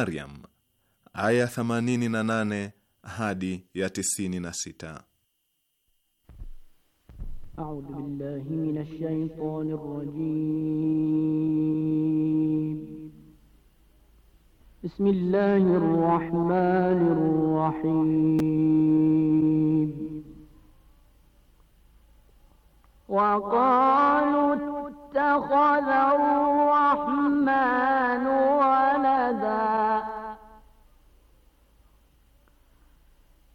Maryam aya 88 hadi ya 96. A'udhu billahi minash shaitanir rrajim. Bismillahir rahmanir rahim. Wa qalu ittakhadha ar-rahmanu walada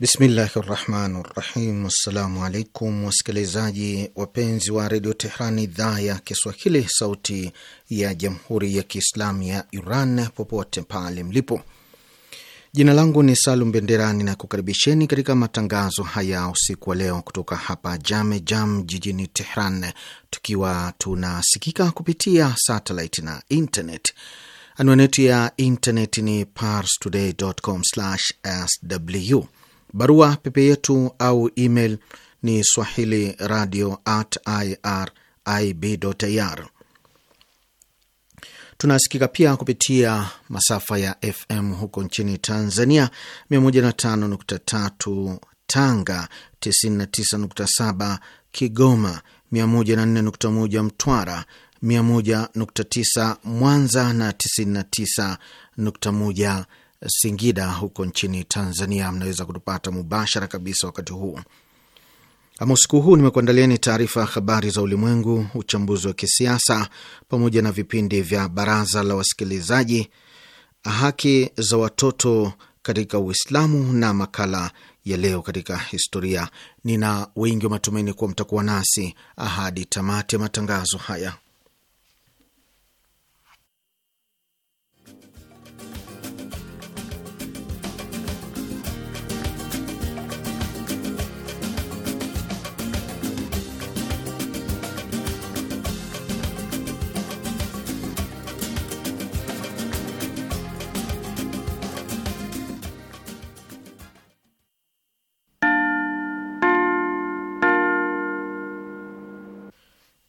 Bismillahi rahmani rahim. Assalamu alaikum wasikilizaji wapenzi wa redio Tehran, idhaa ya Kiswahili, sauti ya jamhuri ya kiislamu ya Iran, popote pale mlipo. Jina langu ni Salum Benderani na kukaribisheni katika matangazo haya usiku wa leo kutoka hapa Jame Jam jijini Tehran, tukiwa tunasikika kupitia satellite na internet. Anwani yetu ya internet ni parstoday.com/sw Barua pepe yetu au email ni swahili radio at irib Tunasikika pia kupitia masafa ya FM huko nchini Tanzania, 105.3 Tanga, 99.7 Kigoma, 104.1 Mtwara, 101.9 Mwanza na 99.1 Singida huko nchini Tanzania. Mnaweza kutupata mubashara kabisa wakati huu ama usiku huu. Nimekuandalieni taarifa ya habari za ulimwengu, uchambuzi wa kisiasa, pamoja na vipindi vya baraza la wasikilizaji, haki za watoto katika Uislamu na makala ya leo katika historia. Nina wingi wa matumaini kuwa mtakuwa nasi ahadi tamati ya matangazo haya.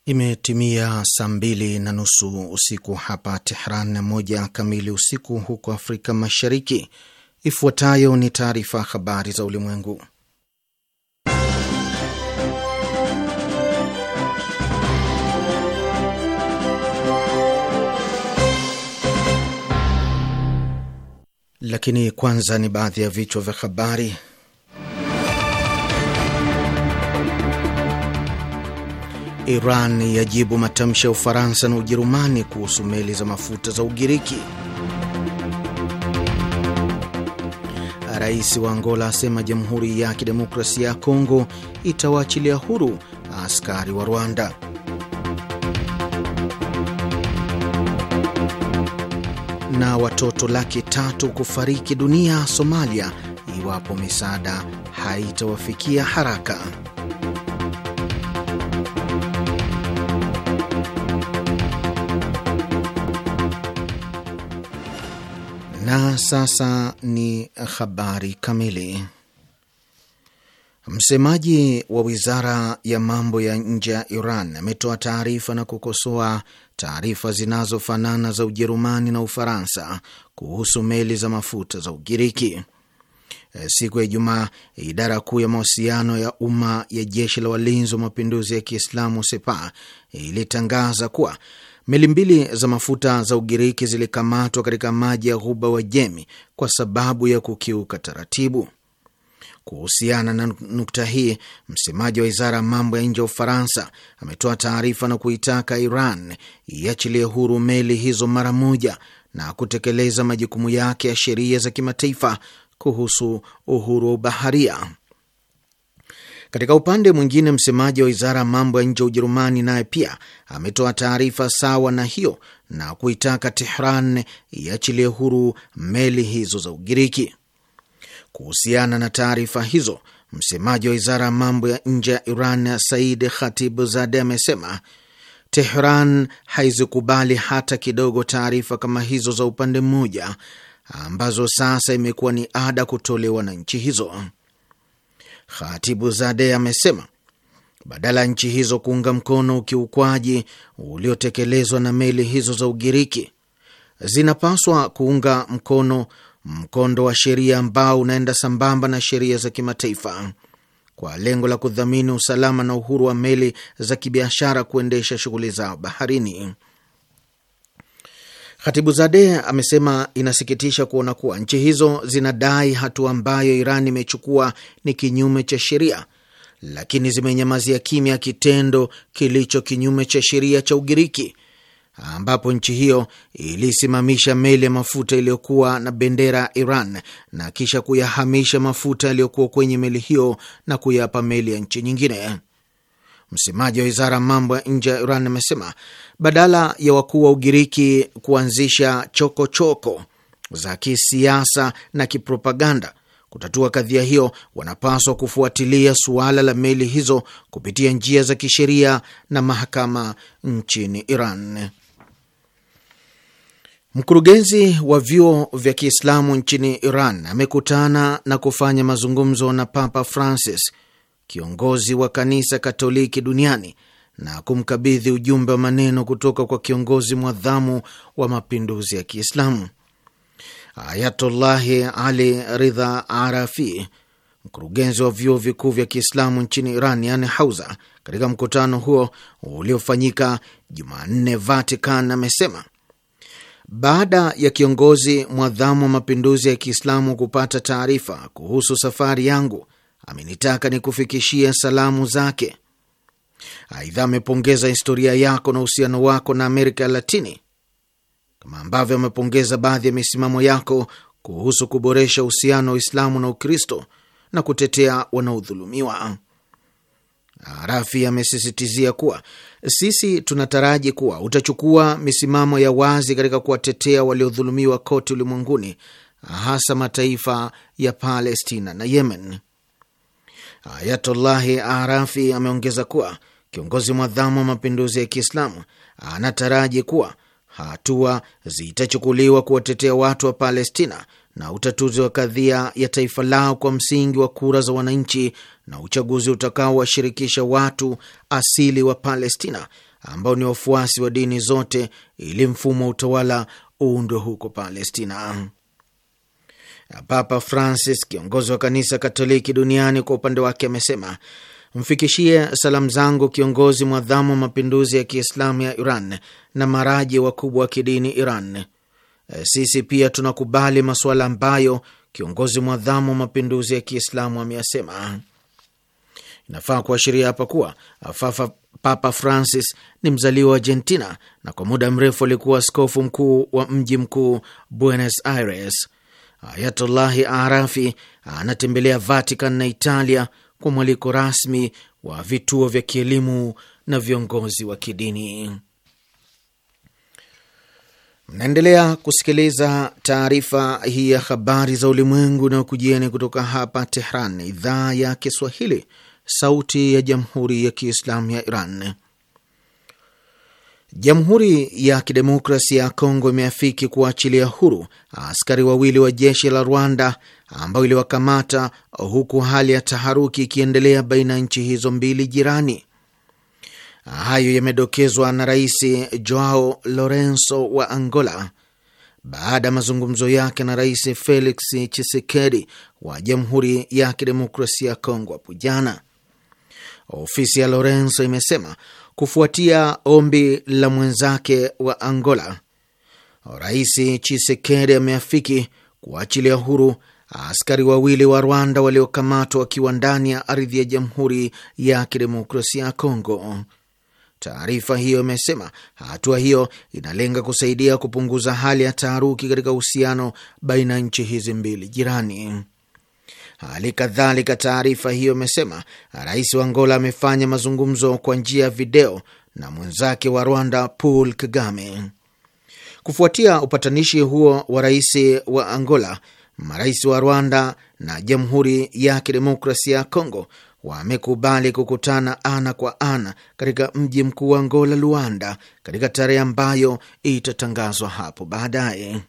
Imetimia saa mbili na nusu usiku hapa Tehran na moja kamili usiku huko Afrika Mashariki. Ifuatayo ni taarifa habari za ulimwengu, lakini kwanza ni baadhi ya vichwa vya habari. Iran yajibu matamshi ya Ufaransa na Ujerumani kuhusu meli za mafuta za Ugiriki. Rais wa Angola asema Jamhuri ya Kidemokrasia ya Kongo itawaachilia huru askari wa Rwanda. Na watoto laki tatu kufariki dunia Somalia iwapo misaada haitawafikia haraka. Na sasa ni habari kamili. Msemaji wa wizara ya mambo ya nje ya Iran ametoa taarifa na kukosoa taarifa zinazofanana za Ujerumani na Ufaransa kuhusu meli za mafuta za Ugiriki. Siku ya Ijumaa, idara kuu ya mawasiliano ya umma ya jeshi la walinzi wa mapinduzi ya Kiislamu Sepah ilitangaza kuwa Meli mbili za mafuta za Ugiriki zilikamatwa katika maji ya ghuba jemi kwa sababu ya kukiuka taratibu. Kuhusiana na nukta hii, msemaji wa wizara ya mambo ya nje ya Ufaransa ametoa taarifa na kuitaka Iran iachilie huru meli hizo mara moja na kutekeleza majukumu yake ya sheria za kimataifa kuhusu uhuru wa ubaharia. Katika upande mwingine, msemaji wa wizara ya mambo ya nje ya Ujerumani naye pia ametoa taarifa sawa na hiyo na kuitaka Tehran iachilie huru meli hizo za Ugiriki. Kuhusiana na taarifa hizo, msemaji wa wizara ya mambo ya nje ya Iran Said Khatib Zade amesema Tehran haizikubali hata kidogo taarifa kama hizo za upande mmoja ambazo sasa imekuwa ni ada kutolewa na nchi hizo. Khatibu Zade amesema badala ya nchi hizo kuunga mkono ukiukwaji uliotekelezwa na meli hizo za Ugiriki, zinapaswa kuunga mkono mkondo wa sheria ambao unaenda sambamba na sheria za kimataifa kwa lengo la kudhamini usalama na uhuru wa meli za kibiashara kuendesha shughuli zao baharini. Khatibu Zadeh amesema inasikitisha kuona kuwa nchi hizo zinadai hatua ambayo Iran imechukua ni kinyume cha sheria, lakini zimenyamazia kimya kitendo kilicho kinyume cha sheria cha Ugiriki, ambapo nchi hiyo ilisimamisha meli ya mafuta iliyokuwa na bendera ya Iran na kisha kuyahamisha mafuta yaliyokuwa kwenye meli hiyo na kuyapa meli ya nchi nyingine. Msemaji wa wizara ya mambo ya nje ya Iran amesema badala ya wakuu wa Ugiriki kuanzisha chokochoko choko za kisiasa na kipropaganda kutatua kadhia hiyo, wanapaswa kufuatilia suala la meli hizo kupitia njia za kisheria na mahakama nchini Iran. Mkurugenzi wa vyuo vya Kiislamu nchini Iran amekutana na kufanya mazungumzo na Papa Francis, kiongozi wa kanisa Katoliki duniani na kumkabidhi ujumbe wa maneno kutoka kwa kiongozi mwadhamu wa mapinduzi ya Kiislamu Ayatullahi Ali Ridha Arafi, mkurugenzi wa vyuo vikuu vya Kiislamu nchini Iran, yani Hauza. Katika mkutano huo uliofanyika Jumanne Vatican, amesema baada ya kiongozi mwadhamu wa mapinduzi ya Kiislamu kupata taarifa kuhusu safari yangu, amenitaka nikufikishie salamu zake Aidha, amepongeza historia yako na uhusiano wako na Amerika ya Latini, kama ambavyo amepongeza baadhi ya misimamo yako kuhusu kuboresha uhusiano wa Uislamu na Ukristo na kutetea wanaodhulumiwa. Arafi amesisitizia kuwa sisi tunataraji kuwa utachukua misimamo ya wazi katika kuwatetea waliodhulumiwa kote ulimwenguni, hasa mataifa ya Palestina na Yemen. Ayatullahi Arafi ameongeza kuwa kiongozi mwadhamu wa mapinduzi ya Kiislamu anataraji kuwa hatua zitachukuliwa kuwatetea watu wa Palestina na utatuzi wa kadhia ya taifa lao kwa msingi wa kura za wananchi na uchaguzi utakaowashirikisha watu asili wa Palestina ambao ni wafuasi wa dini zote ili mfumo wa utawala uundwe huko Palestina. Papa Francis, kiongozi wa kanisa Katoliki duniani, kwa upande wake amesema Mfikishie salamu zangu kiongozi mwadhamu wa mapinduzi ya Kiislamu ya Iran na maraji wakubwa wa kidini Iran. Eh, sisi pia tunakubali masuala ambayo kiongozi mwadhamu wa mapinduzi ya Kiislamu ameyasema. Inafaa kuashiria hapa kuwa Papa Francis ni mzaliwa wa Argentina na kwa muda mrefu alikuwa askofu mkuu wa mji mkuu Buenos Aires. Ayatullahi Arafi anatembelea Vatican na Italia kwa mwaliko rasmi wa vituo vya kielimu na viongozi wa kidini. Mnaendelea kusikiliza taarifa hii ya habari za ulimwengu na kujieni kutoka hapa Tehran, idhaa ya Kiswahili, sauti ya jamhuri ya kiislamu ya Iran. Jamhuri ya Kidemokrasia ya Kongo imeafiki kuwaachilia huru askari wawili wa jeshi la Rwanda ambayo iliwakamata huku hali ya taharuki ikiendelea baina ya nchi hizo mbili jirani. Hayo yamedokezwa na Rais Joao Lorenzo wa Angola baada ya mazungumzo yake na Rais Felix Tshisekedi wa Jamhuri ya Kidemokrasia ya Kongo hapo jana. Ofisi ya Lorenzo imesema kufuatia ombi la mwenzake wa Angola, Rais Tshisekedi ameafiki kuachilia huru Askari wawili wa Rwanda waliokamatwa wakiwa ndani ya ardhi ya Jamhuri ya Kidemokrasia ya Kongo. Taarifa hiyo imesema hatua hiyo inalenga kusaidia kupunguza hali ya taharuki katika uhusiano baina ya nchi hizi mbili jirani. Hali kadhalika, taarifa hiyo imesema rais wa Angola amefanya mazungumzo kwa njia ya video na mwenzake wa Rwanda Paul Kagame kufuatia upatanishi huo wa rais wa Angola marais wa Rwanda na Jamhuri ya Kidemokrasia ya Kongo wamekubali kukutana ana kwa ana katika mji mkuu wa Angola, Luanda, katika tarehe ambayo itatangazwa hapo baadaye.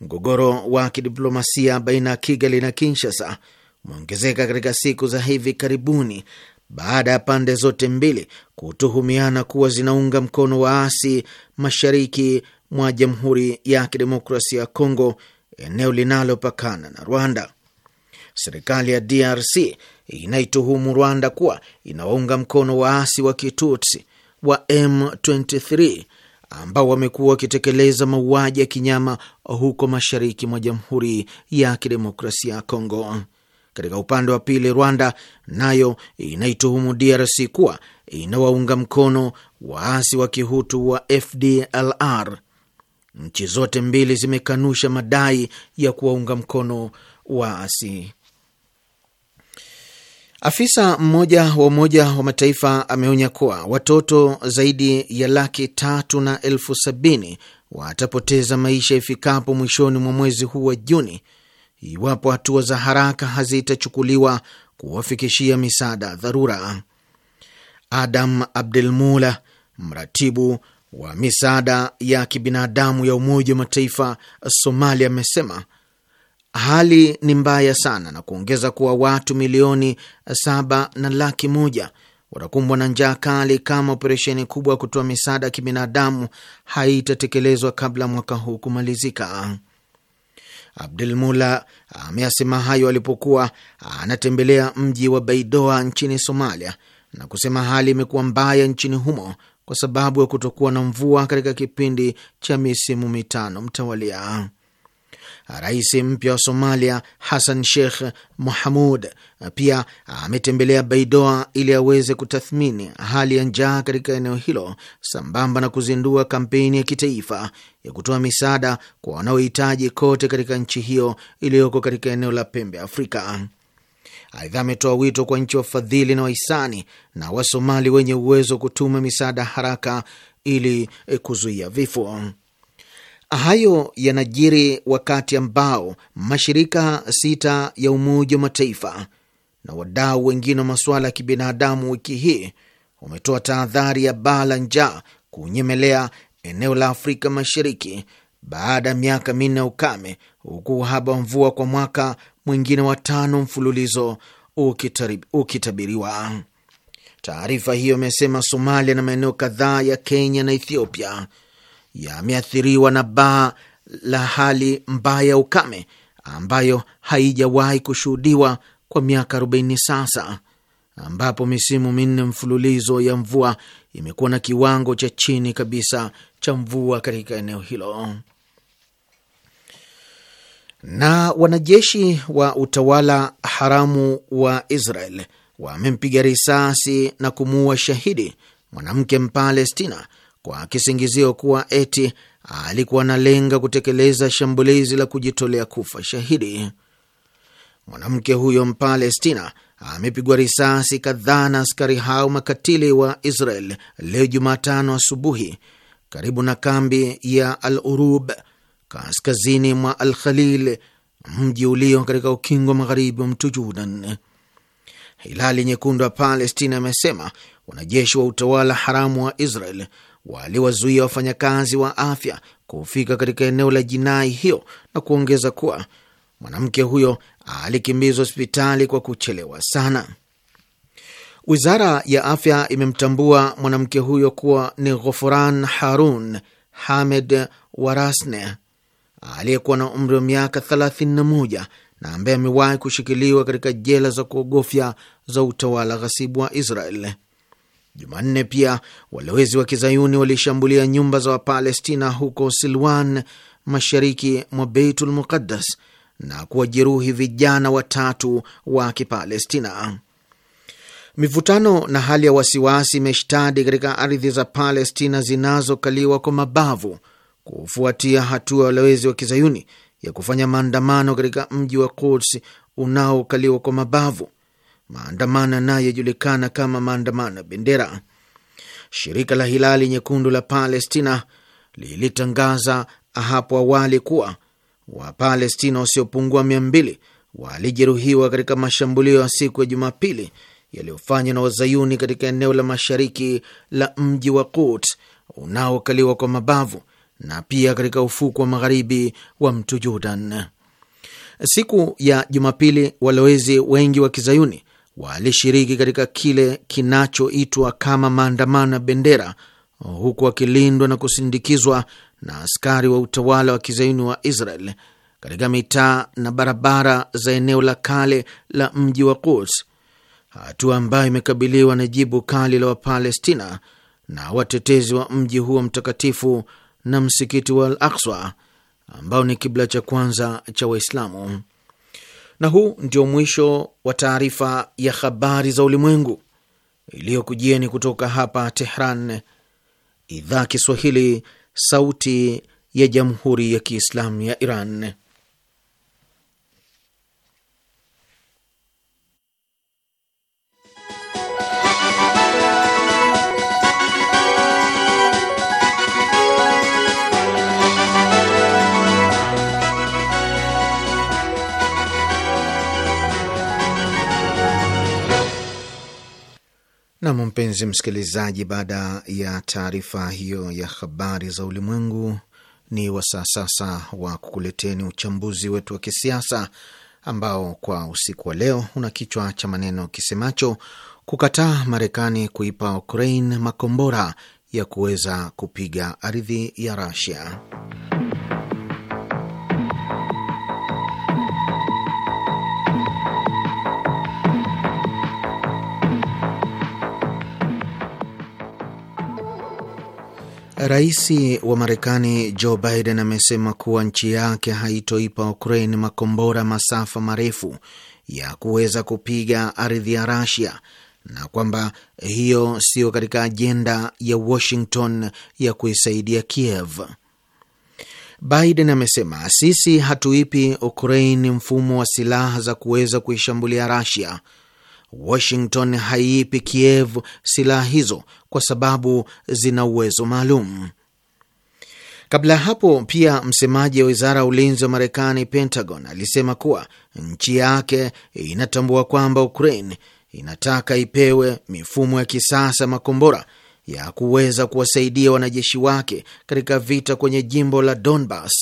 Mgogoro wa kidiplomasia baina ya Kigali na Kinshasa umeongezeka katika siku za hivi karibuni baada ya pande zote mbili kutuhumiana kuwa zinaunga mkono waasi mashariki mwa Jamhuri ya Kidemokrasia ya Kongo eneo linalopakana na Rwanda. Serikali ya DRC inaituhumu Rwanda kuwa inawaunga mkono waasi wa kitutsi wa M23 ambao wamekuwa wakitekeleza mauaji ya kinyama huko mashariki mwa Jamhuri ya Kidemokrasia ya Kongo. Katika upande wa pili, Rwanda nayo inaituhumu DRC kuwa inawaunga mkono waasi wa kihutu wa FDLR Nchi zote mbili zimekanusha madai ya kuwaunga mkono waasi. Afisa mmoja wa Umoja wa Mataifa ameonya kuwa watoto zaidi ya laki tatu na elfu sabini watapoteza maisha ifikapo mwishoni mwa mwezi huu wa Juni iwapo hatua za haraka hazitachukuliwa kuwafikishia misaada dharura. Adam Abdelmula, mratibu wa misaada ya kibinadamu ya Umoja wa Mataifa Somalia amesema hali ni mbaya sana na kuongeza kuwa watu milioni saba na laki moja watakumbwa na njaa kali kama operesheni kubwa ya kutoa misaada ya kibinadamu haitatekelezwa kabla mwaka huu kumalizika. Abdul Mula ameyasema hayo alipokuwa anatembelea mji wa Baidoa nchini Somalia na kusema hali imekuwa mbaya nchini humo kwa sababu ya kutokuwa na mvua katika kipindi cha misimu mitano mtawalia. Rais mpya wa Somalia Hassan Sheikh Mohamud pia ametembelea Baidoa ili aweze kutathmini hali ya njaa katika eneo hilo sambamba na kuzindua kampeni ya kitaifa ya kutoa misaada kwa wanaohitaji kote katika nchi hiyo iliyoko katika eneo la pembe Afrika. Aidha, ametoa wito kwa nchi wafadhili na wahisani na Wasomali wenye uwezo kutuma misaada haraka ili eh, kuzuia vifo. Hayo yanajiri wakati ambao mashirika sita ya Umoja wa Mataifa na wadau wengine wa masuala ya kibinadamu wiki hii wametoa tahadhari ya baa la njaa kunyemelea eneo la Afrika Mashariki baada ya miaka minne ya ukame, huku uhaba wa mvua kwa mwaka mwingine wa tano mfululizo ukitabiriwa. Taarifa hiyo imesema Somalia na maeneo kadhaa ya Kenya na Ethiopia yameathiriwa na baa la hali mbaya ya ukame ambayo haijawahi kushuhudiwa kwa miaka 40 sasa, ambapo misimu minne mfululizo ya mvua imekuwa na kiwango cha chini kabisa cha mvua katika eneo hilo. Na wanajeshi wa utawala haramu wa Israel wamempiga risasi na kumuua shahidi mwanamke Mpalestina kwa kisingizio kuwa eti alikuwa analenga kutekeleza shambulizi la kujitolea kufa shahidi. Mwanamke huyo Mpalestina amepigwa risasi kadhaa na askari hao makatili wa Israel leo Jumatano asubuhi karibu na kambi ya Al Urub kaskazini mwa Al Khalil, mji ulio katika ukingo wa magharibi wa mto Jordan. Hilali Nyekundu ya Palestina amesema wanajeshi wa utawala haramu wa Israel waliwazuia wafanyakazi wa afya kufika katika eneo la jinai hiyo na kuongeza kuwa mwanamke huyo alikimbizwa hospitali kwa kuchelewa sana. Wizara ya afya imemtambua mwanamke huyo kuwa ni Ghofuran Harun Hamed Warasne, aliyekuwa na umri wa miaka 31 na ambaye amewahi kushikiliwa katika jela za kuogofya za utawala ghasibu wa Israel. Jumanne pia walowezi wa kizayuni walishambulia nyumba za Wapalestina huko Silwan, mashariki mwa Beitul Muqaddas na kuwajeruhi vijana watatu wa Kipalestina. Mivutano na hali ya wasiwasi imeshtadi katika ardhi za Palestina zinazokaliwa kwa mabavu kufuatia hatua ya walowezi wa kizayuni ya kufanya maandamano katika mji wa Quds unaokaliwa kwa mabavu, maandamano yanayojulikana kama maandamano ya bendera. Shirika la Hilali Nyekundu la Palestina lilitangaza hapo awali kuwa Wapalestina wasiopungua mia mbili walijeruhiwa katika mashambulio ya siku ya Jumapili yaliyofanywa na wazayuni katika eneo la mashariki la mji wa Quds unaokaliwa kwa mabavu na pia katika ufuku wa magharibi wa mto Jordan. Siku ya Jumapili, walowezi wengi wa kizayuni walishiriki katika kile kinachoitwa kama maandamano ya bendera, huku wakilindwa na kusindikizwa na askari wa utawala wa kizayuni wa Israel katika mitaa na barabara za eneo la kale la mji wa Quds, hatua ambayo imekabiliwa na jibu kali la Wapalestina na watetezi wa mji huo mtakatifu na msikiti wa Al Akswa ambao ni kibla cha kwanza cha Waislamu. Na huu ndio mwisho wa taarifa ya habari za ulimwengu iliyokujieni kutoka hapa Tehran, idhaa Kiswahili, sauti ya jamhuri ya kiislamu ya Iran. Nam, mpenzi msikilizaji, baada ya taarifa hiyo ya habari za ulimwengu, ni wasaa sasa wa kukuleteni uchambuzi wetu wa kisiasa ambao kwa usiku wa leo una kichwa cha maneno kisemacho kukataa Marekani kuipa Ukraine makombora ya kuweza kupiga ardhi ya Russia. Rais wa Marekani Joe Biden amesema kuwa nchi yake haitoipa Ukraine makombora masafa marefu ya kuweza kupiga ardhi ya Rasia na kwamba hiyo sio katika ajenda ya Washington ya kuisaidia Kiev. Biden amesema sisi hatuipi Ukraine mfumo wa silaha za kuweza kuishambulia Rasia Washington haiipi Kiev silaha hizo kwa sababu zina uwezo maalum. Kabla ya hapo pia, msemaji wa wizara ya ulinzi wa Marekani, Pentagon, alisema kuwa nchi yake inatambua kwamba Ukraine inataka ipewe mifumo ya kisasa makombora ya kuweza kuwasaidia wanajeshi wake katika vita kwenye jimbo la Donbas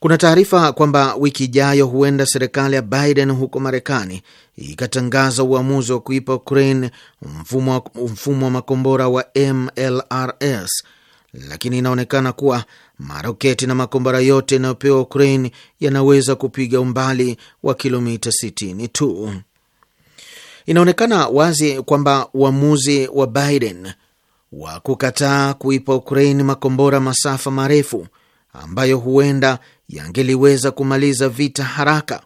kuna taarifa kwamba wiki ijayo huenda serikali ya Biden huko Marekani ikatangaza uamuzi wa kuipa Ukraine mfumo wa makombora wa MLRS, lakini inaonekana kuwa maroketi na makombora yote yanayopewa Ukraine yanaweza kupiga umbali wa kilomita 60 tu. Inaonekana wazi kwamba uamuzi wa Biden wa kukataa kuipa Ukraine makombora masafa marefu ambayo huenda yangeliweza kumaliza vita haraka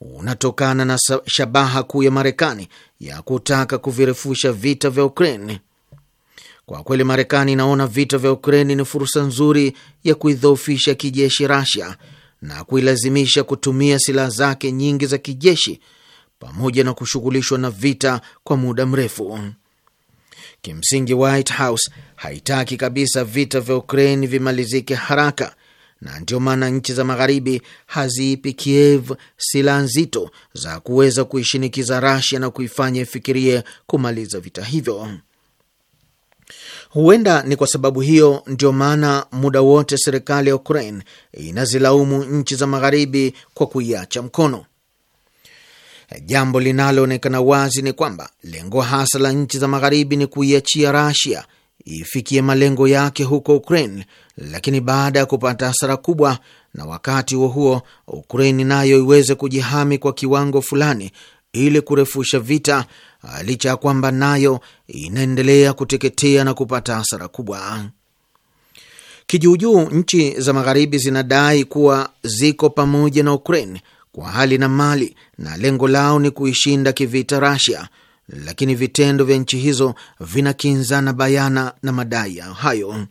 unatokana na shabaha kuu ya Marekani ya kutaka kuvirefusha vita vya Ukraine. Kwa kweli, Marekani inaona vita vya Ukraine ni fursa nzuri ya kuidhoofisha kijeshi Rasia na kuilazimisha kutumia silaha zake nyingi za kijeshi pamoja na kushughulishwa na vita kwa muda mrefu. Kimsingi, White House haitaki kabisa vita vya Ukraine vimalizike haraka na ndiyo maana nchi za magharibi haziipi Kiev silaha nzito za kuweza kuishinikiza Rasia na kuifanya ifikirie kumaliza vita hivyo. Huenda ni kwa sababu hiyo ndio maana muda wote serikali ya Ukraine inazilaumu nchi za magharibi kwa kuiacha mkono. Jambo linaloonekana wazi ni kwamba lengo hasa la nchi za magharibi ni kuiachia Rasia ifikie malengo yake huko Ukraine, lakini baada ya kupata hasara kubwa, na wakati huo huo Ukraine nayo iweze kujihami kwa kiwango fulani ili kurefusha vita, licha ya kwamba nayo inaendelea kuteketea na kupata hasara kubwa. Kijuujuu, nchi za magharibi zinadai kuwa ziko pamoja na Ukraine kwa hali na mali na lengo lao ni kuishinda kivita Russia lakini vitendo vya nchi hizo vinakinzana bayana na madai hayo.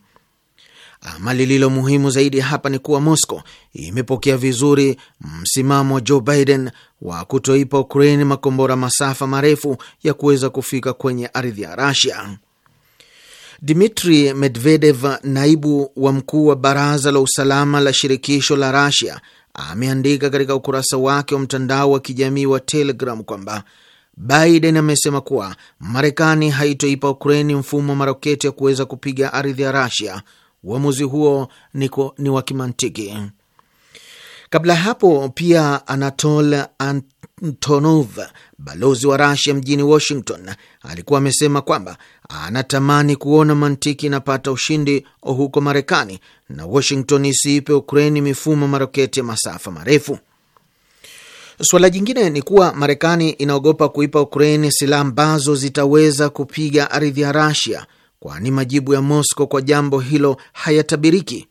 Ama lililo muhimu zaidi hapa ni kuwa Moscow imepokea vizuri msimamo wa Joe Biden wa kutoipa Ukraine makombora masafa marefu ya kuweza kufika kwenye ardhi ya Russia. Dmitri Medvedev, naibu wa mkuu wa baraza la usalama la shirikisho la Russia, ameandika katika ukurasa wake wa mtandao wa kijamii wa Telegram kwamba Biden amesema kuwa Marekani haitoipa Ukraini mfumo wa maroketi ya kuweza kupiga ardhi ya Rasia. Uamuzi huo ni wa kimantiki. Kabla ya hapo pia, Anatol Antonov, balozi wa Rasia mjini Washington, alikuwa amesema kwamba anatamani kuona mantiki inapata ushindi huko Marekani na Washington isiipe Ukraini mifumo maroketi ya masafa marefu. Suala jingine ni kuwa Marekani inaogopa kuipa Ukraini silaha ambazo zitaweza kupiga ardhi ya Rasia, kwani majibu ya Mosco kwa jambo hilo hayatabiriki.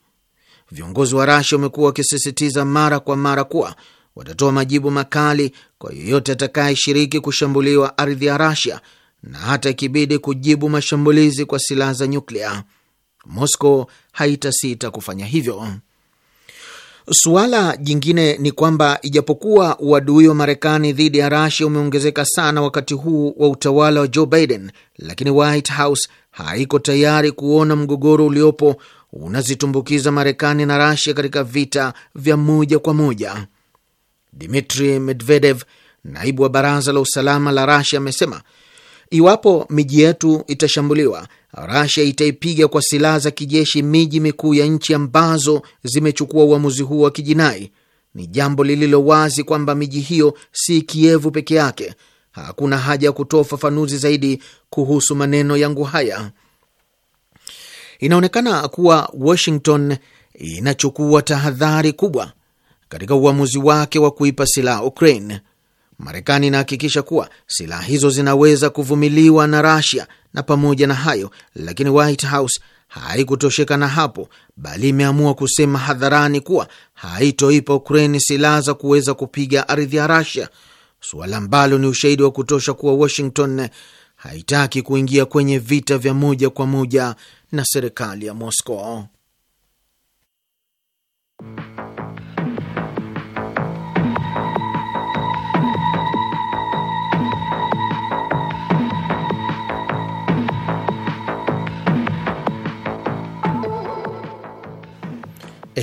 Viongozi wa Rasia wamekuwa wakisisitiza mara kwa mara kuwa watatoa majibu makali kwa yeyote atakayeshiriki kushambuliwa ardhi ya Rasia na hata ikibidi kujibu mashambulizi kwa silaha za nyuklia. Mosco haitasita kufanya hivyo. Suala jingine ni kwamba ijapokuwa uadui wa Marekani dhidi ya Rasia umeongezeka sana wakati huu wa utawala wa Joe Biden, lakini White House haiko tayari kuona mgogoro uliopo unazitumbukiza Marekani na Rasia katika vita vya moja kwa moja. Dmitri Medvedev, naibu wa baraza la usalama la Rasia, amesema iwapo miji yetu itashambuliwa, Rasia itaipiga kwa silaha za kijeshi miji mikuu ya nchi ambazo zimechukua uamuzi huo wa kijinai. Ni jambo lililo wazi kwamba miji hiyo si Kievu peke yake. Hakuna haja ya kutoa ufafanuzi zaidi kuhusu maneno yangu haya. Inaonekana kuwa Washington inachukua tahadhari kubwa katika uamuzi wake wa kuipa silaha Ukraine. Marekani inahakikisha kuwa silaha hizo zinaweza kuvumiliwa na Rasia na pamoja na hayo lakini White House haikutosheka na hapo, bali imeamua kusema hadharani kuwa haitoipa Ukraine silaha za kuweza kupiga ardhi ya Russia, suala ambalo ni ushahidi wa kutosha kuwa Washington haitaki kuingia kwenye vita vya moja kwa moja na serikali ya Moscow.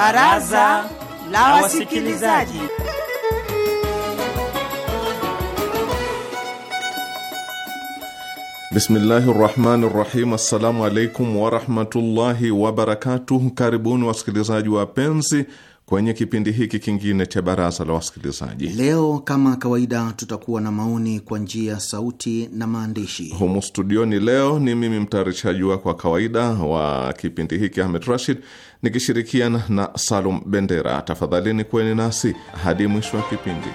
Baraza la Wasikilizaji. Bismillahi rahmani rahim. Assalamu alaikum warahmatullahi wabarakatuh. Karibuni wasikilizaji wapenzi kwenye kipindi hiki kingine cha baraza la wasikilizaji. Leo kama kawaida, tutakuwa na maoni kwa njia sauti na maandishi humu studioni. Leo ni mimi mtayarishaji wako wa kawaida wa kipindi hiki Ahmed Rashid, nikishirikiana na Salum Bendera. Tafadhalini kweni nasi hadi mwisho wa kipindi.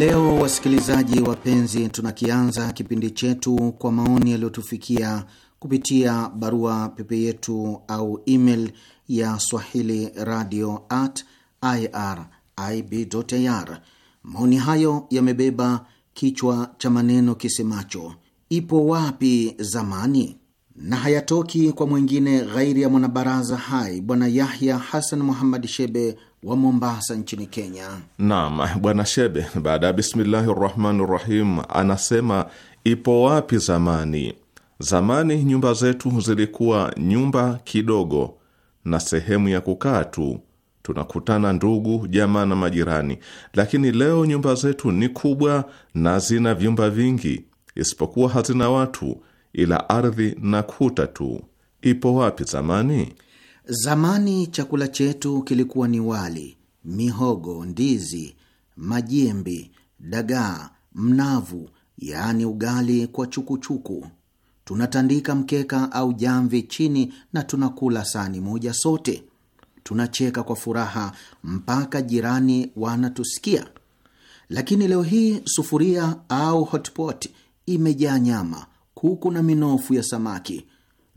Leo wasikilizaji wapenzi, tunakianza kipindi chetu kwa maoni yaliyotufikia kupitia barua pepe yetu au email ya swahili radio at irib.ir. Maoni hayo yamebeba kichwa cha maneno kisemacho ipo wapi zamani, na hayatoki kwa mwingine ghairi ya mwanabaraza hai Bwana Yahya Hasan Muhammad Shebe wa Mombasa nchini Kenya. Naam, Bwana Shebe, baada ya bismillahi rahmani rahim, anasema ipo wapi zamani? Zamani nyumba zetu zilikuwa nyumba kidogo na sehemu ya kukaa tu, tunakutana ndugu, jamaa na majirani, lakini leo nyumba zetu ni kubwa na zina vyumba vingi, isipokuwa hazina watu, ila ardhi na kuta tu. Ipo wapi zamani? Zamani chakula chetu kilikuwa ni wali, mihogo, ndizi, majimbi, dagaa, mnavu, yaani ugali kwa chukuchuku chuku. Tunatandika mkeka au jamvi chini na tunakula sahani moja sote. Tunacheka kwa furaha mpaka jirani wanatusikia. Lakini leo hii sufuria au hotpot imejaa nyama, kuku na minofu ya samaki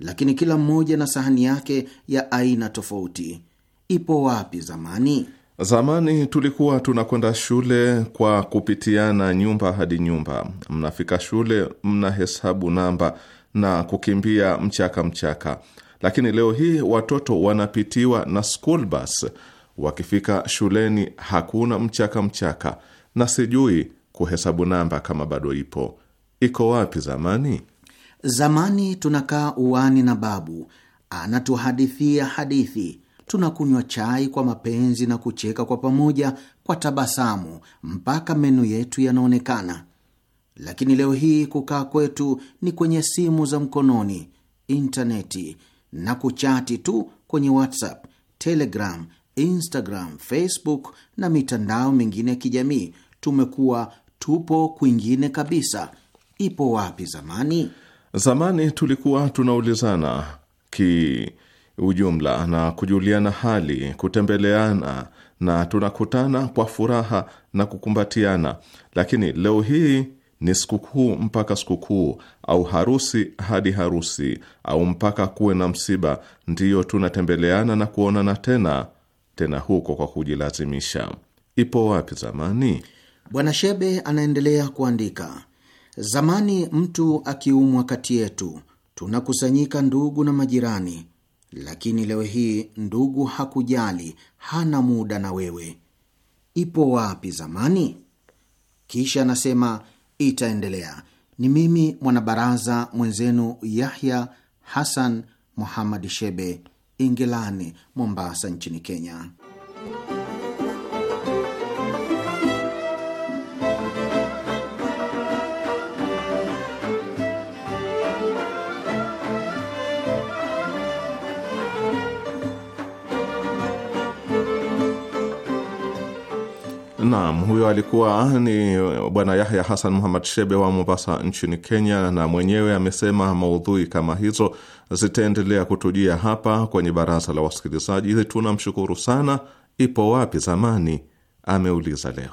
lakini kila mmoja na sahani yake ya aina tofauti. Ipo wapi zamani? Zamani tulikuwa tunakwenda shule kwa kupitiana nyumba hadi nyumba. Mnafika shule, mnahesabu namba na kukimbia mchaka mchaka, lakini leo hii watoto wanapitiwa na school bus. Wakifika shuleni hakuna mchaka mchaka, na sijui kuhesabu namba kama bado ipo. Iko wapi zamani? Zamani tunakaa uani na babu anatuhadithia hadithi, tunakunywa chai kwa mapenzi na kucheka kwa pamoja kwa tabasamu mpaka meno yetu yanaonekana. Lakini leo hii kukaa kwetu ni kwenye simu za mkononi, intaneti na kuchati tu kwenye WhatsApp, Telegram, Instagram, Facebook na mitandao mingine ya kijamii. Tumekuwa tupo kwingine kabisa. Ipo wapi zamani? Zamani tulikuwa tunaulizana kiujumla na kujuliana hali, kutembeleana na tunakutana kwa furaha na kukumbatiana, lakini leo hii ni sikukuu mpaka sikukuu, au harusi hadi harusi, au mpaka kuwe na msiba, ndiyo tunatembeleana na kuonana tena tena, huko kwa kujilazimisha. Ipo wapi zamani? Bwana Shebe anaendelea kuandika Zamani mtu akiumwa kati yetu tunakusanyika ndugu na majirani, lakini leo hii ndugu hakujali, hana muda na wewe. Ipo wapi zamani? Kisha anasema itaendelea. Ni mimi mwanabaraza mwenzenu Yahya Hasan Muhamad Shebe, Ingilani, Mombasa nchini Kenya. Naam, huyo alikuwa ni eh, Bwana Yahya Hassan Muhammad Shebe wa Mombasa nchini Kenya, na mwenyewe amesema maudhui kama hizo zitaendelea kutujia hapa kwenye baraza la wasikilizaji. tunamshukuru sana. Ipo wapi zamani, ameuliza leo.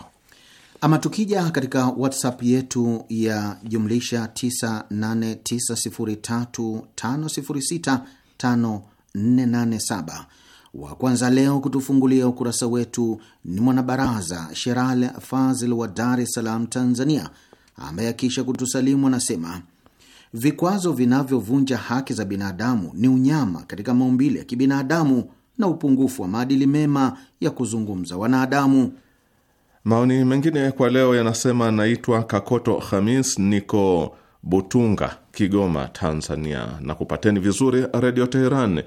Ama tukija katika WhatsApp yetu ya jumlisha 989035065487 wa kwanza leo kutufungulia ukurasa wetu ni mwanabaraza Sheral Fazil wa Dar es Salaam, Tanzania, ambaye akisha kutusalimu anasema vikwazo vinavyovunja haki za binadamu ni unyama katika maumbile ya kibinadamu na upungufu wa maadili mema ya kuzungumza wanadamu. Maoni mengine kwa leo yanasema, naitwa Kakoto Hamis, niko Butunga, Kigoma, Tanzania, na kupateni vizuri Redio Teheran.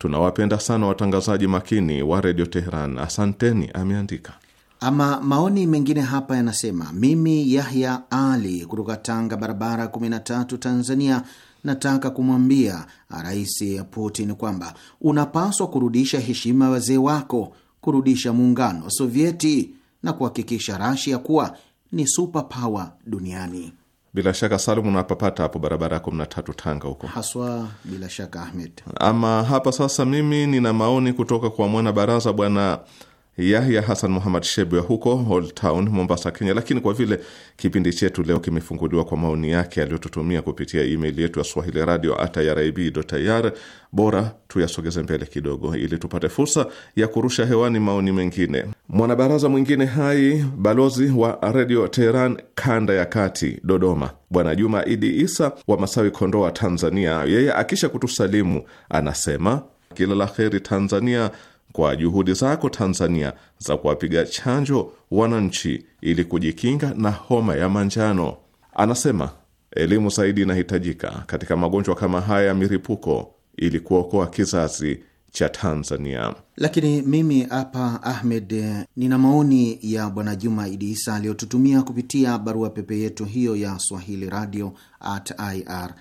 Tunawapenda sana watangazaji makini wa redio Teheran, asanteni, ameandika. Ama maoni mengine hapa yanasema, mimi Yahya Ali kutoka Tanga, barabara 13, Tanzania, nataka kumwambia Rais Putin kwamba unapaswa kurudisha heshima ya wazee wako, kurudisha muungano wa Sovieti na kuhakikisha Rasia kuwa ni superpower duniani. Bila shaka Salum, unapapata hapo barabara ya kumi na tatu Tanga huko haswa. Bila shaka Ahmed. Ama hapa sasa, mimi nina maoni kutoka kwa mwana baraza bwana Yahya Hasan Muhamad Shebwe huko Old Town, Mombasa, Kenya. Lakini kwa vile kipindi chetu leo kimefunguliwa kwa maoni yake aliyotutumia kupitia email yetu ya swahili radio at irib.ir, bora tuyasogeze mbele kidogo ili tupate fursa ya kurusha hewani maoni mengine. Mwanabaraza mwingine hai, balozi wa redio Teheran kanda ya kati, Dodoma, Bwana Juma Idi Isa wa Masawi, Kondoa, Tanzania, yeye akisha kutusalimu anasema kila la heri Tanzania kwa juhudi zako Tanzania za kuwapiga chanjo wananchi ili kujikinga na homa ya manjano. Anasema elimu zaidi inahitajika katika magonjwa kama haya ya miripuko ili kuokoa kizazi cha Tanzania. Lakini mimi hapa Ahmed, nina maoni ya Bwana Juma Idi Isa aliyotutumia kupitia barua pepe yetu hiyo ya swahili radio at ir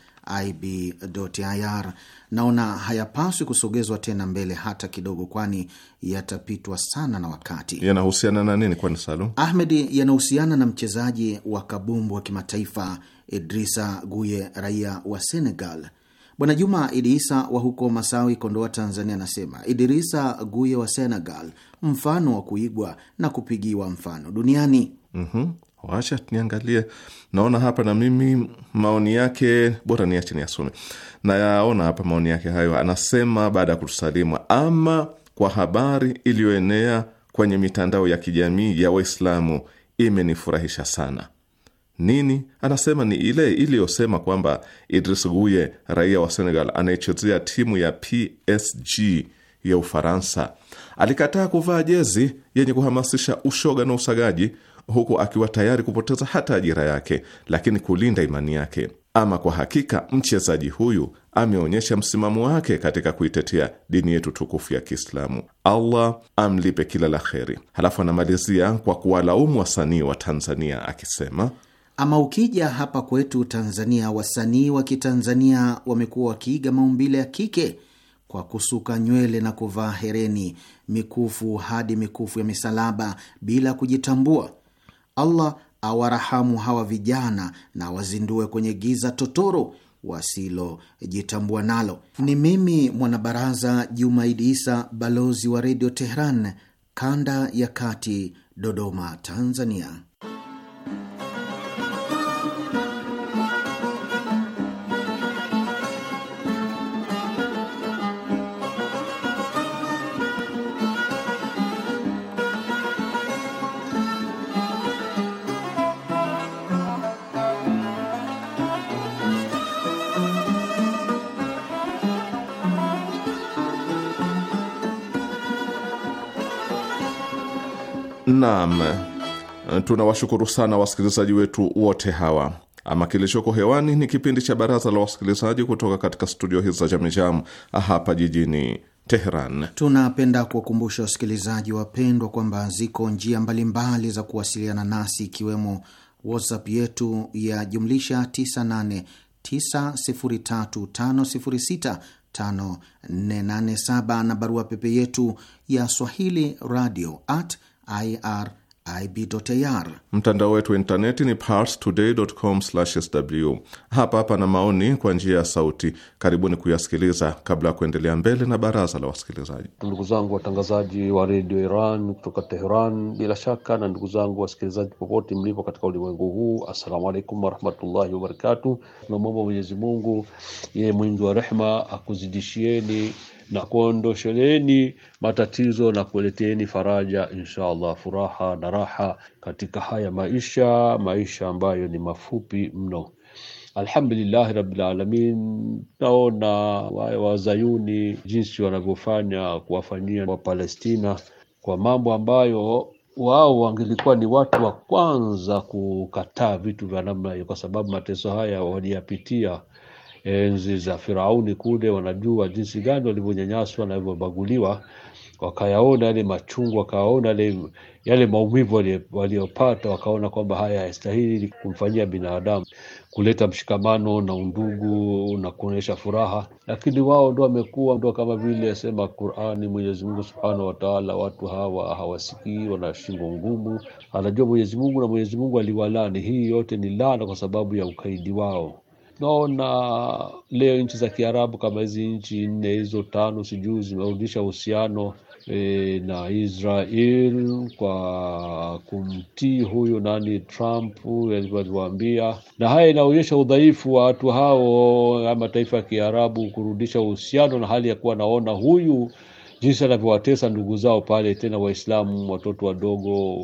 IB.ir. Naona hayapaswi kusogezwa tena mbele hata kidogo, kwani yatapitwa sana na wakati. Yanahusiana na nini kwani Salu Ahmed? Yanahusiana na mchezaji wa kabumbu wa kimataifa Idrisa Guye, raia wa Senegal. Bwana Juma Idrisa wa huko Masawi, Kondoa, Tanzania, anasema Idrisa Guye wa Senegal mfano wa kuigwa na kupigiwa mfano duniani. mm -hmm. Wacha niangalie, naona hapa na mimi maoni yake, bora niache niyasome. Nayaona hapa maoni yake hayo. Anasema baada ya kutusalimu, ama kwa habari iliyoenea kwenye mitandao ya kijamii ya Waislamu imenifurahisha sana. Nini? Anasema ni ile iliyosema kwamba Idris Guye, raia wa Senegal anayechezea timu ya PSG ya Ufaransa, alikataa kuvaa jezi yenye kuhamasisha ushoga na usagaji huku akiwa tayari kupoteza hata ajira yake, lakini kulinda imani yake. Ama kwa hakika mchezaji huyu ameonyesha msimamo wake katika kuitetea dini yetu tukufu ya Kiislamu. Allah amlipe kila la kheri. Halafu anamalizia kwa kuwalaumu wasanii wa Tanzania akisema ama ukija hapa kwetu Tanzania, wasanii wa Kitanzania wamekuwa wakiiga maumbile ya kike kwa kusuka nywele na kuvaa hereni mikufu hadi mikufu ya misalaba bila kujitambua. Allah awarahamu hawa vijana na wazindue kwenye giza totoro wasilojitambua nalo. Ni mimi mwanabaraza Jumaidi Isa, balozi wa Redio Tehran, kanda ya kati, Dodoma, Tanzania. Naam, tunawashukuru sana wasikilizaji wetu wote hawa. Ama kilichoko hewani ni kipindi cha Baraza la Wasikilizaji kutoka katika studio hizi za Jamijam hapa jijini Teheran. Tunapenda kuwakumbusha wasikilizaji wapendwa kwamba ziko njia mbalimbali mbali za kuwasiliana nasi, ikiwemo WhatsApp yetu ya jumlisha 989035065487 na barua pepe yetu ya swahili radio at irib.ir. Mtandao wetu wa intaneti ni parstoday.com/sw. Hapa hapa na maoni kwa njia ya sauti, karibuni kuyasikiliza kabla ya kuendelea mbele na baraza la wasikilizaji. Ndugu zangu watangazaji wa redio Iran kutoka Teheran, bila shaka na ndugu zangu wasikilizaji popote mlipo katika ulimwengu huu, assalamu alaikum warahmatullahi wabarakatu. Tunamwomba Mwenyezi Mungu yeye mwingi wa rehma akuzidishieni na kuondosheleni matatizo na kuleteni faraja insha Allah, furaha na raha katika haya maisha, maisha ambayo ni mafupi mno. Alhamdulillahi rabbil alamin. Naona wazayuni jinsi wanavyofanya kuwafanyia Wapalestina kwa mambo ambayo wao wangelikuwa ni watu wa kwanza kukataa vitu vya namna hiyo, kwa sababu mateso haya waliyapitia enzi za Firauni kule, wanajua jinsi gani walivyonyanyaswa na walivyobaguliwa, wakayaona yale machungu, wakaona yale, yale maumivu waliyopata, wakaona kwamba haya hayastahili kumfanyia binadamu, kuleta mshikamano na undugu na kuonyesha furaha. Lakini wao ndo wamekuwa ndo kama vile asema Qurani, Mwenyezi Mungu Subhanahu wa Ta'ala, watu hawa hawasikii, wana shingo ngumu. Anajua Mwenyezi Mungu na Mwenyezi Mungu aliwalani. Hii yote ni laana kwa sababu ya ukaidi wao naona leo nchi za Kiarabu kama hizi nchi nne hizo tano sijui zimerudisha uhusiano e, na Israel kwa kumtii huyu nani Trump alivyowaambia, na haya inaonyesha udhaifu wa watu hao ya mataifa ya Kiarabu kurudisha uhusiano na hali ya kuwa naona huyu jinsi anavyowatesa ndugu zao pale, tena Waislamu, watoto wadogo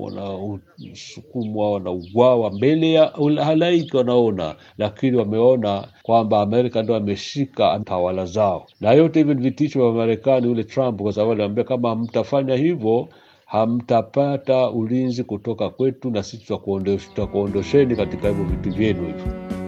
wanasukumwa, wanauwawa mbele ya halaiki wanaona, lakini wameona kwamba Amerika ndo ameshika tawala zao, na yote hivyo ni vitisho vya Marekani, yule Trump, kwa sababu aliambia kama mtafanya hivyo hamtapata ulinzi kutoka kwetu, na sisi tutakuondosheni katika hivyo vitu vyenu hivyo.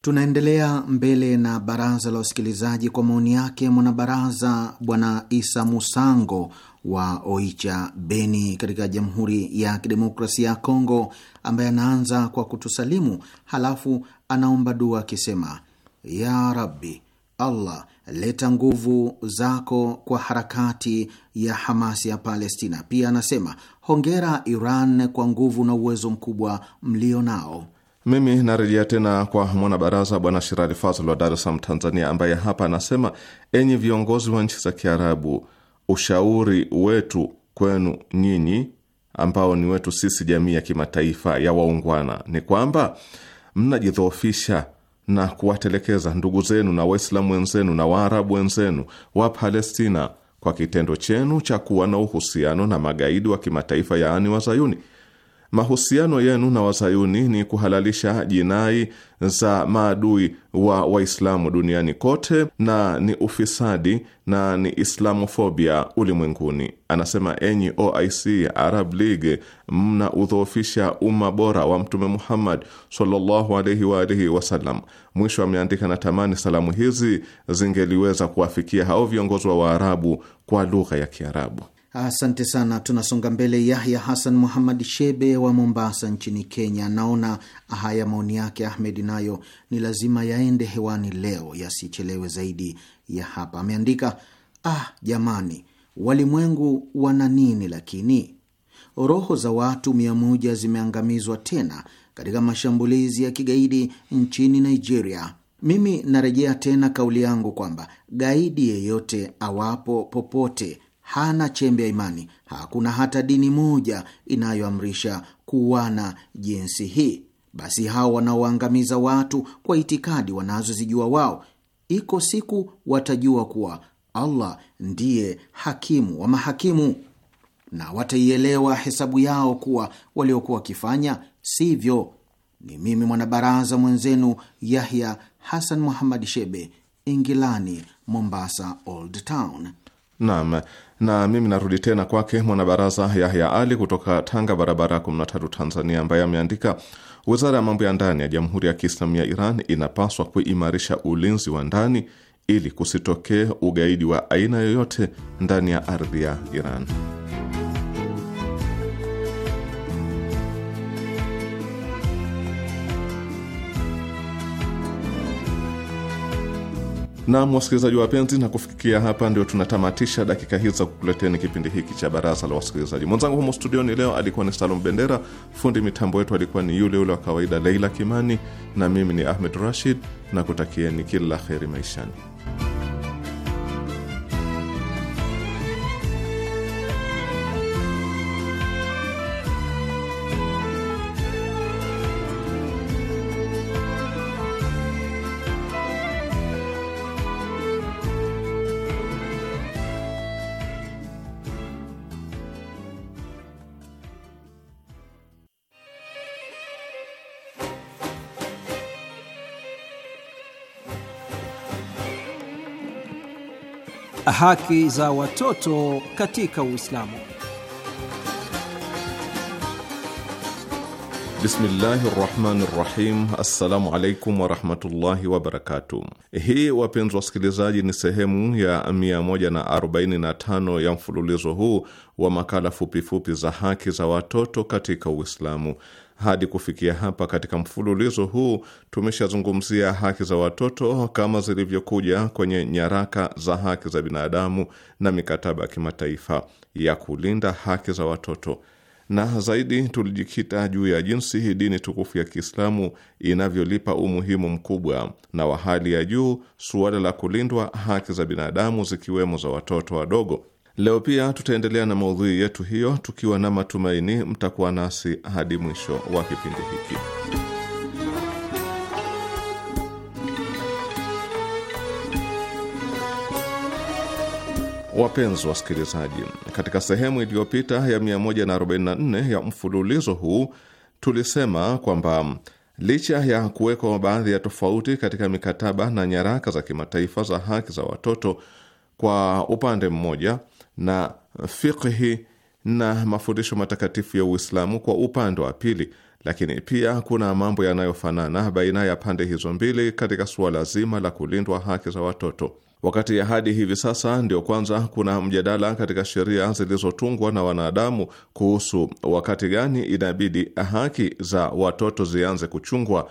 Tunaendelea mbele na baraza la wasikilizaji kwa maoni yake mwanabaraza Bwana Isa Musango wa Oicha, Beni, katika Jamhuri ya Kidemokrasia ya Kongo, ambaye anaanza kwa kutusalimu halafu anaomba dua akisema: ya Rabbi Allah, leta nguvu zako kwa harakati ya hamas ya Palestina. Pia anasema hongera Iran kwa nguvu na uwezo mkubwa mlio nao. Mimi narejea tena kwa mwanabaraza Bwana Shirali Fazl wa Dar es Salaam, Tanzania, ambaye hapa anasema: enyi viongozi wa nchi za Kiarabu, ushauri wetu kwenu nyinyi ambao ni wetu sisi, jamii ya kimataifa ya waungwana, ni kwamba mnajidhoofisha na kuwatelekeza ndugu zenu na Waislamu wenzenu na Waarabu wenzenu wa Palestina kwa kitendo chenu cha kuwa na uhusiano na magaidi wa kimataifa, yaani wazayuni. Mahusiano yenu na wazayuni ni kuhalalisha jinai za maadui wa Waislamu duniani kote na ni ufisadi na ni islamofobia ulimwenguni. Anasema, enyi OIC Arab League, mna udhoofisha umma bora wa Mtume Muhammad sallallahu alaihi wa alihi wasallam. Mwisho ameandika, na tamani salamu hizi zingeliweza kuwafikia hao viongozi wa Waarabu kwa lugha ya Kiarabu. Asante sana. Tunasonga mbele. Yahya Hasan muhamad Shebe wa Mombasa nchini Kenya, naona haya maoni yake Ahmed nayo ni lazima yaende hewani leo, yasichelewe zaidi ya hapa. Ameandika, ah, jamani, walimwengu wana nini? Lakini roho za watu mia moja zimeangamizwa tena katika mashambulizi ya kigaidi nchini Nigeria. Mimi narejea tena kauli yangu kwamba gaidi yeyote awapo popote hana chembe ya imani. Hakuna hata dini moja inayoamrisha kuuana jinsi hii. Basi hao wanaoangamiza watu kwa itikadi wanazozijua wao, iko siku watajua kuwa Allah ndiye hakimu wa mahakimu, na wataielewa hesabu yao kuwa waliokuwa wakifanya sivyo. Ni mimi mwanabaraza mwenzenu Yahya Hasan Muhammad Shebe, Ingilani, Mombasa, Old Town. Naam, na mimi narudi tena kwake mwanabaraza Yahya Ali kutoka Tanga, barabara ya 13 Tanzania, ambaye ameandika Wizara ya mambo ya ndani ya Jamhuri ya Kiislamu ya Iran inapaswa kuimarisha ulinzi wa ndani ili kusitokee ugaidi wa aina yoyote ndani ya ardhi ya Iran. Nam wasikilizaji wapenzi, na kufikia hapa ndio tunatamatisha dakika hizi za kukuleteni kipindi hiki cha baraza la wasikilizaji. Mwenzangu humo studioni leo alikuwa ni Salum Bendera, fundi mitambo wetu alikuwa ni yule yule wa kawaida Leila Kimani, na mimi ni Ahmed Rashid na kutakieni kila la heri maishani. haki za watoto katika Uislamu. Bismillahi rahmani rahim. Assalamu alaikum warahmatullahi wabarakatuh. Hii wapenzi wasikilizaji, ni sehemu ya 145 ya mfululizo huu wa makala fupifupi za haki za watoto katika Uislamu hadi kufikia hapa katika mfululizo huu tumeshazungumzia haki za watoto kama zilivyokuja kwenye nyaraka za haki za binadamu na mikataba ya kimataifa ya kulinda haki za watoto, na zaidi tulijikita juu ya jinsi hii dini tukufu ya Kiislamu inavyolipa umuhimu mkubwa na wa hali ya juu suala la kulindwa haki za binadamu zikiwemo za watoto wadogo. Leo pia tutaendelea na maudhui yetu hiyo, tukiwa na matumaini mtakuwa nasi hadi mwisho wa kipindi hiki. Wapenzi wasikilizaji, katika sehemu iliyopita ya 144 ya mfululizo huu tulisema kwamba licha ya kuwekwa baadhi ya tofauti katika mikataba na nyaraka za kimataifa za haki za watoto kwa upande mmoja na fiqhi na mafundisho matakatifu ya Uislamu kwa upande wa pili, lakini pia kuna mambo yanayofanana baina ya pande hizo mbili katika suala zima la kulindwa haki za watoto. Wakati ya hadi hivi sasa ndio kwanza kuna mjadala katika sheria zilizotungwa na wanadamu kuhusu wakati gani inabidi haki za watoto zianze kuchungwa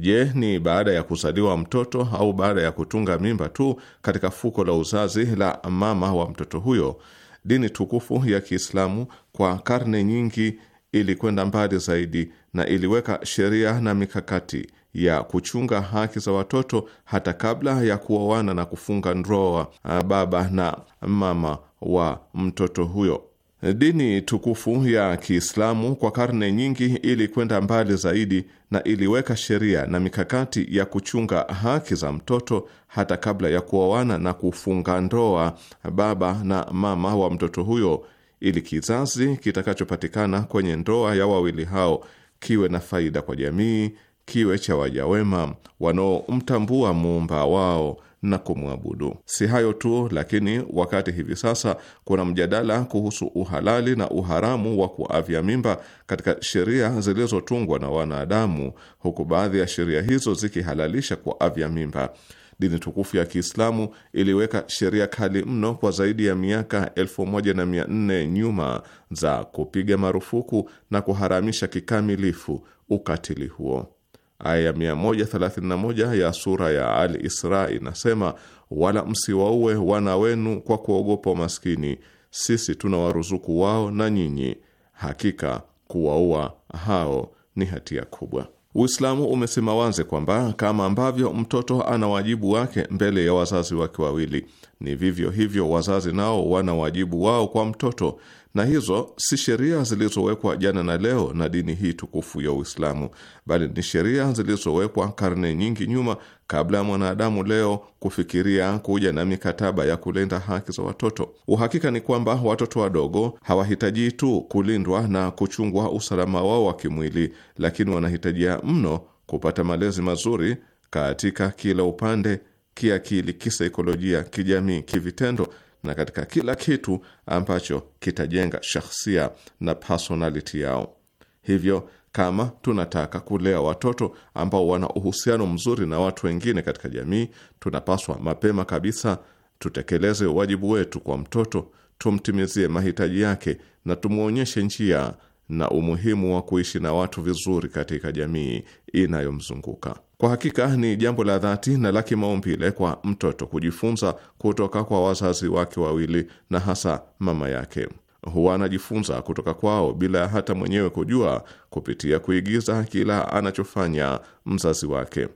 Je, ni baada ya kuzaliwa mtoto au baada ya kutunga mimba tu katika fuko la uzazi la mama wa mtoto huyo? Dini tukufu ya Kiislamu kwa karne nyingi ilikwenda mbali zaidi na iliweka sheria na mikakati ya kuchunga haki za watoto hata kabla ya kuoana na kufunga ndoa ah, baba na mama wa mtoto huyo. Dini tukufu ya Kiislamu kwa karne nyingi ili kwenda mbali zaidi na iliweka sheria na mikakati ya kuchunga haki za mtoto hata kabla ya kuoana na kufunga ndoa baba na mama wa mtoto huyo, ili kizazi kitakachopatikana kwenye ndoa ya wawili hao kiwe na faida kwa jamii, kiwe cha wajawema wanaomtambua muumba wao na kumwabudu. Si hayo tu, lakini wakati hivi sasa kuna mjadala kuhusu uhalali na uharamu wa kuavya mimba katika sheria zilizotungwa na wanadamu, huku baadhi ya sheria hizo zikihalalisha kuavya mimba. Dini tukufu ya Kiislamu iliweka sheria kali mno kwa zaidi ya miaka elfu moja na mia nne nyuma za kupiga marufuku na kuharamisha kikamilifu ukatili huo. Aya ya 131 ya sura ya Al Isra inasema, wala msiwaue wana wenu kwa kuogopa maskini, sisi tuna waruzuku wao na nyinyi, hakika kuwaua hao ni hatia kubwa. Uislamu umesema wazi kwamba kama ambavyo mtoto ana wajibu wake mbele ya wazazi wake wawili, ni vivyo hivyo wazazi nao wana wajibu wao kwa mtoto, na hizo si sheria zilizowekwa jana na leo na dini hii tukufu ya Uislamu, bali ni sheria zilizowekwa karne nyingi nyuma, kabla ya mwanadamu leo kufikiria kuja na mikataba ya kulinda haki za watoto. Uhakika ni kwamba watoto wadogo hawahitaji tu kulindwa na kuchungwa usalama wao wa kimwili, lakini wanahitajia mno kupata malezi mazuri katika kila upande, kiakili, kisaikolojia, kijamii, kivitendo na katika kila kitu ambacho kitajenga shahsia na personality yao. Hivyo, kama tunataka kulea watoto ambao wana uhusiano mzuri na watu wengine katika jamii, tunapaswa mapema kabisa tutekeleze wajibu wetu kwa mtoto, tumtimizie mahitaji yake na tumwonyeshe njia na umuhimu wa kuishi na watu vizuri katika jamii inayomzunguka. Kwa hakika ni jambo la dhati na la kimaumbile kwa mtoto kujifunza kutoka kwa wazazi wake wawili na hasa mama yake. Huwa anajifunza kutoka kwao bila hata mwenyewe kujua, kupitia kuigiza kila anachofanya mzazi wake.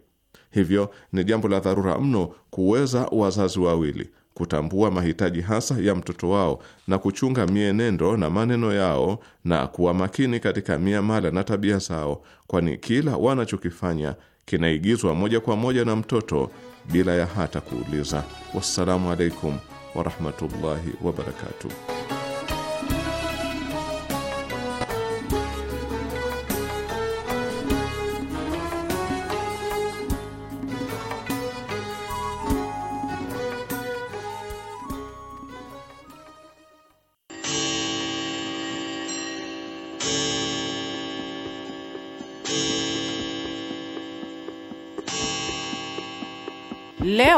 Hivyo ni jambo la dharura mno kuweza wazazi wawili kutambua mahitaji hasa ya mtoto wao na kuchunga mienendo na maneno yao na kuwa makini katika miamala na tabia zao, kwani kila wanachokifanya kinaigizwa moja kwa moja na mtoto bila ya hata kuuliza. Wassalamu alaikum warahmatullahi wabarakatuh.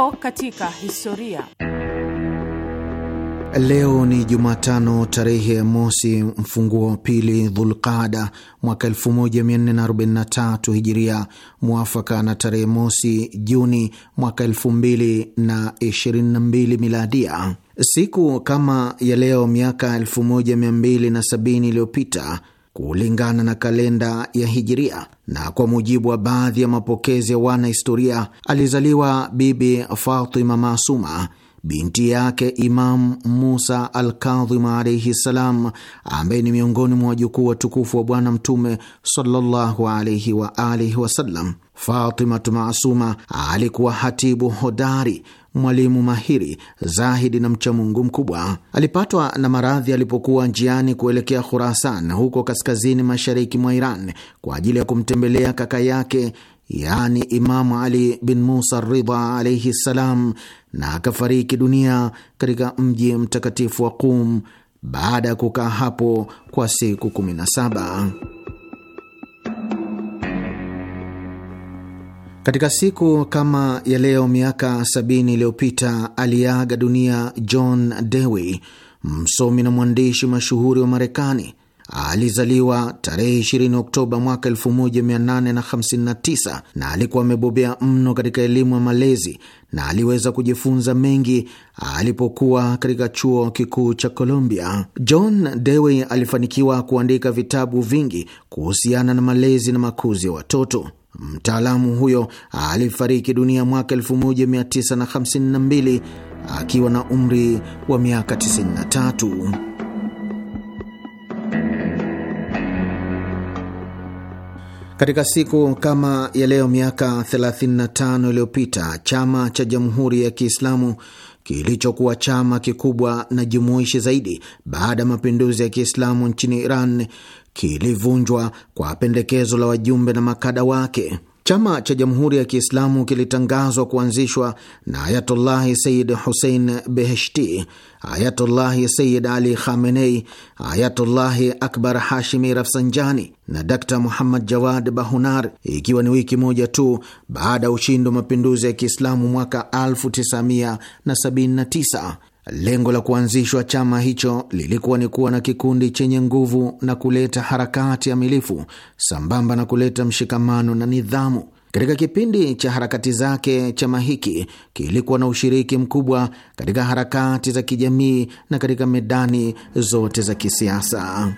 Leo katika historia. Leo ni Jumatano tarehe ya mosi mfunguo wa pili Dhulqada mwaka 1443 Hijiria, mwafaka na tarehe mosi Juni mwaka 2022 Miladia. Siku kama ya leo miaka 1270 iliyopita kulingana na kalenda ya Hijiria, na kwa mujibu wa baadhi ya mapokezi ya wanahistoria, alizaliwa Bibi Fatima Masuma binti yake Imam Musa Alkadhim alaihi ssalam, ambaye ni miongoni mwa wajukuu watukufu wa Bwana Mtume sallallahu alaihi wa alihi wasallam. Fatimatu Masuma alikuwa hatibu hodari mwalimu mahiri, zahidi na mchamungu mkubwa. Alipatwa na maradhi alipokuwa njiani kuelekea Khurasan huko kaskazini mashariki mwa Iran kwa ajili ya kumtembelea kaka yake yaani Imamu Ali bin Musa Ridha alaihi ssalam, na akafariki dunia katika mji mtakatifu wa Qum baada ya kukaa hapo kwa siku 17. Katika siku kama ya leo miaka 70 iliyopita aliaga dunia John Dewey, msomi na mwandishi mashuhuri wa Marekani. Alizaliwa tarehe 20 Oktoba mwaka 1859 na, na alikuwa amebobea mno katika elimu ya malezi na aliweza kujifunza mengi alipokuwa katika chuo kikuu cha Columbia. John Dewey alifanikiwa kuandika vitabu vingi kuhusiana na malezi na makuzi ya watoto. Mtaalamu huyo alifariki dunia mwaka 1952 akiwa na umri wa miaka 93. Katika siku kama ya leo miaka 35 iliyopita chama cha Jamhuri ya Kiislamu kilichokuwa chama kikubwa na jumuishi zaidi baada ya mapinduzi ya Kiislamu nchini Iran kilivunjwa kwa pendekezo la wajumbe na makada wake. Chama cha Jamhuri ya Kiislamu kilitangazwa kuanzishwa na Ayatullahi Sayid Husein Beheshti, Ayatullahi Sayid Ali Khamenei, Ayatullahi Akbar Hashimi Rafsanjani na Dkt Muhammad Jawad Bahunar, ikiwa ni wiki moja tu baada ya ushindi wa mapinduzi ya Kiislamu mwaka 1979. Lengo la kuanzishwa chama hicho lilikuwa ni kuwa na kikundi chenye nguvu na kuleta harakati amilifu sambamba na kuleta mshikamano na nidhamu. Katika kipindi cha harakati zake, chama hiki kilikuwa na ushiriki mkubwa katika harakati za kijamii na katika medani zote za kisiasa.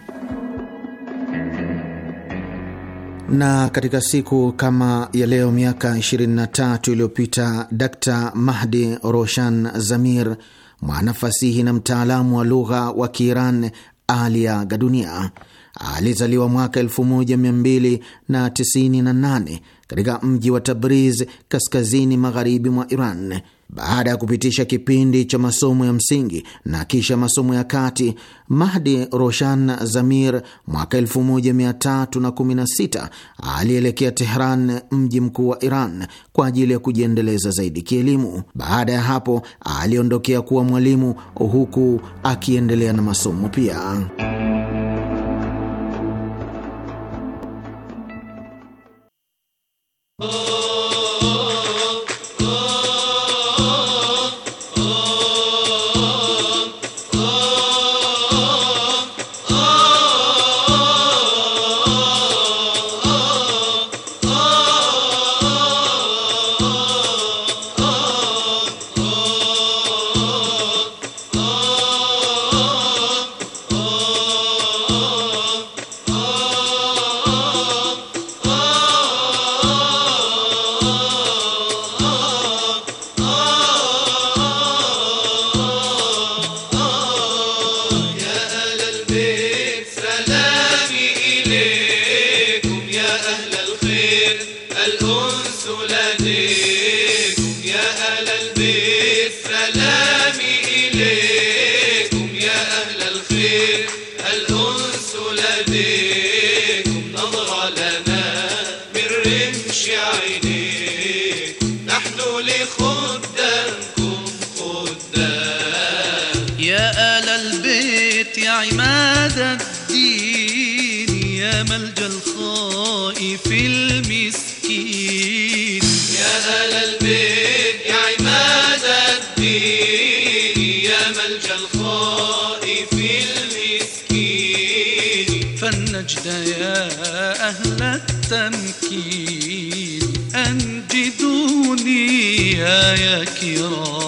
Na katika siku kama ya leo miaka 23 iliyopita, Dr Mahdi Roshan Zamir mwanafasihi na mtaalamu wa lugha wa Kiiran aliaga dunia. Alizaliwa mwaka 1298 katika mji wa Tabriz, kaskazini magharibi mwa Iran. Baada ya kupitisha kipindi cha masomo ya msingi na kisha masomo ya kati, Mahdi Roshan Zamir mwaka 1316 alielekea Tehran, mji mkuu wa Iran, kwa ajili ya kujiendeleza zaidi kielimu. Baada ya hapo, aliondokea kuwa mwalimu huku akiendelea na masomo pia. Oh. تمكين أنجدوني يا يا كرام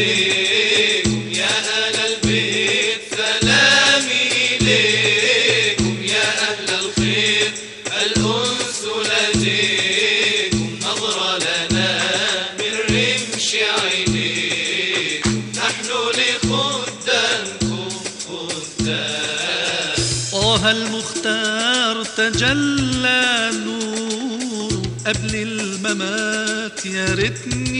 إليكم يا أهل البيت سلامي إليكم يا أهل الخير الأنس لديكم نظرة لنا من رمش عينيكم نحن لخدامكم خدام طه المختار تجلى نور قبل الممات يا ريتني